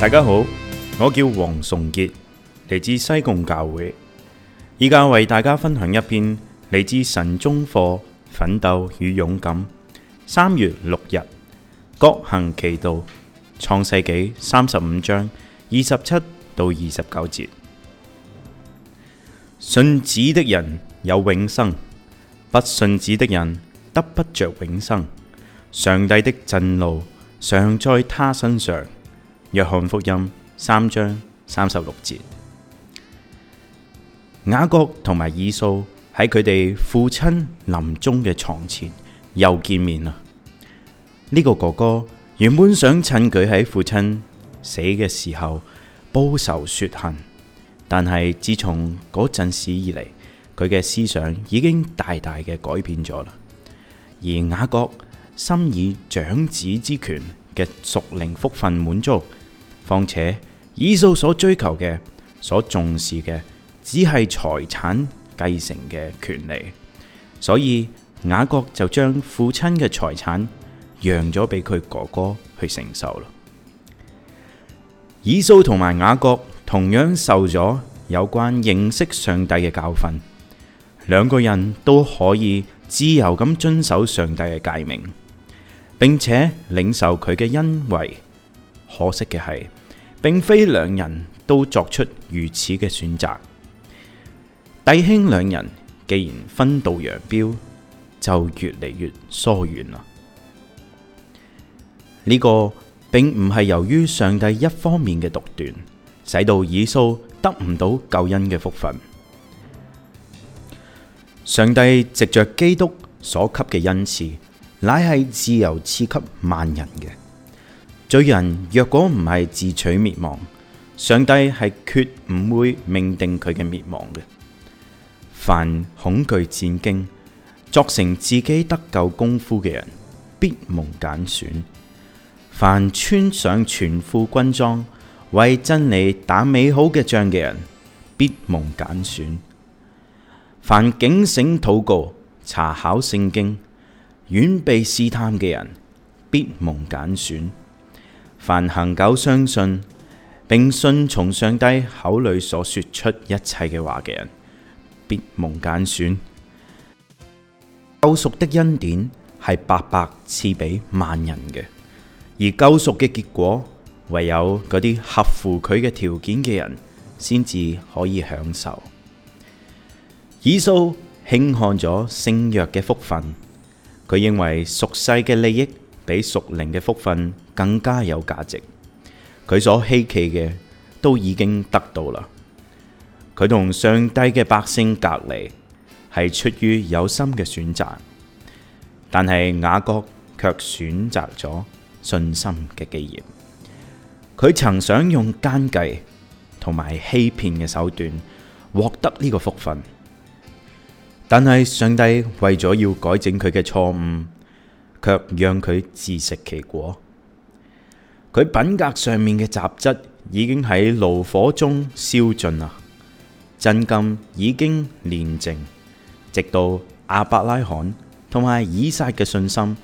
大家好，我叫黃崇傑，嚟自西貢教會，依家為大家分享一篇嚟自神中課《奮鬥與勇敢》三月六日，各行其道，創世紀三十五章二十七到二十九節，信子的人有永生，不信子的人得不着永生，上帝的震怒常在他身上。約翰福音三章三十六節，雅各同埋以掃喺佢哋父親臨終嘅床前又見面啦。呢、這個哥哥原本想趁佢喺父親死嘅時候報仇雪恨，但係自從嗰陣時以嚟，佢嘅思想已經大大嘅改變咗啦。而雅各心以長子之權嘅屬靈福分滿足。況且以掃所追求嘅，所重視嘅，只係財產繼承嘅權利，所以雅各就將父親嘅財產讓咗俾佢哥哥去承受啦。以掃同埋雅各同樣受咗有關認識上帝嘅教訓，兩個人都可以自由咁遵守上帝嘅誡命，並且領受佢嘅恩惠。可惜嘅係。並非兩人都作出如此嘅選擇，弟兄兩人既然分道揚鑣，就越嚟越疏遠啦。呢、這個並唔係由於上帝一方面嘅獨斷，使到以掃得唔到救恩嘅福分。上帝藉着基督所給嘅恩賜，乃係自由賜給萬人嘅。罪人若果唔係自取滅亡，上帝係決唔會命定佢嘅滅亡嘅。凡恐懼戰驚，作成自己得救功夫嘅人，必蒙揀選；凡穿上全副軍裝，為真理打美好嘅仗嘅人，必蒙揀選；凡警醒禱告、查考聖經、遠避試探嘅人，必蒙揀選。凡恆久相信並信從上帝口裏所說出一切嘅話嘅人，必蒙揀選。救贖的恩典係白白賜俾萬人嘅，而救贖嘅結果，唯有嗰啲合乎佢嘅條件嘅人，先至可以享受。以掃輕看咗聖約嘅福分，佢認為俗世嘅利益。比屬靈嘅福分更加有價值，佢所希冀嘅都已經得到啦。佢同上帝嘅百姓隔離係出於有心嘅選擇，但係雅各卻選擇咗信心嘅基業。佢曾想用奸計同埋欺騙嘅手段獲得呢個福分，但係上帝為咗要改正佢嘅錯誤。卻讓佢自食其果。佢品格上面嘅雜質已經喺爐火中燒盡啦，真金已經煉淨，直到亞伯拉罕同埋以撒嘅信心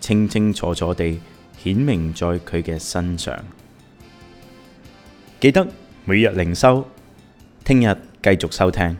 清清楚楚地顯明在佢嘅身上。記得每日靈修，聽日繼續收聽。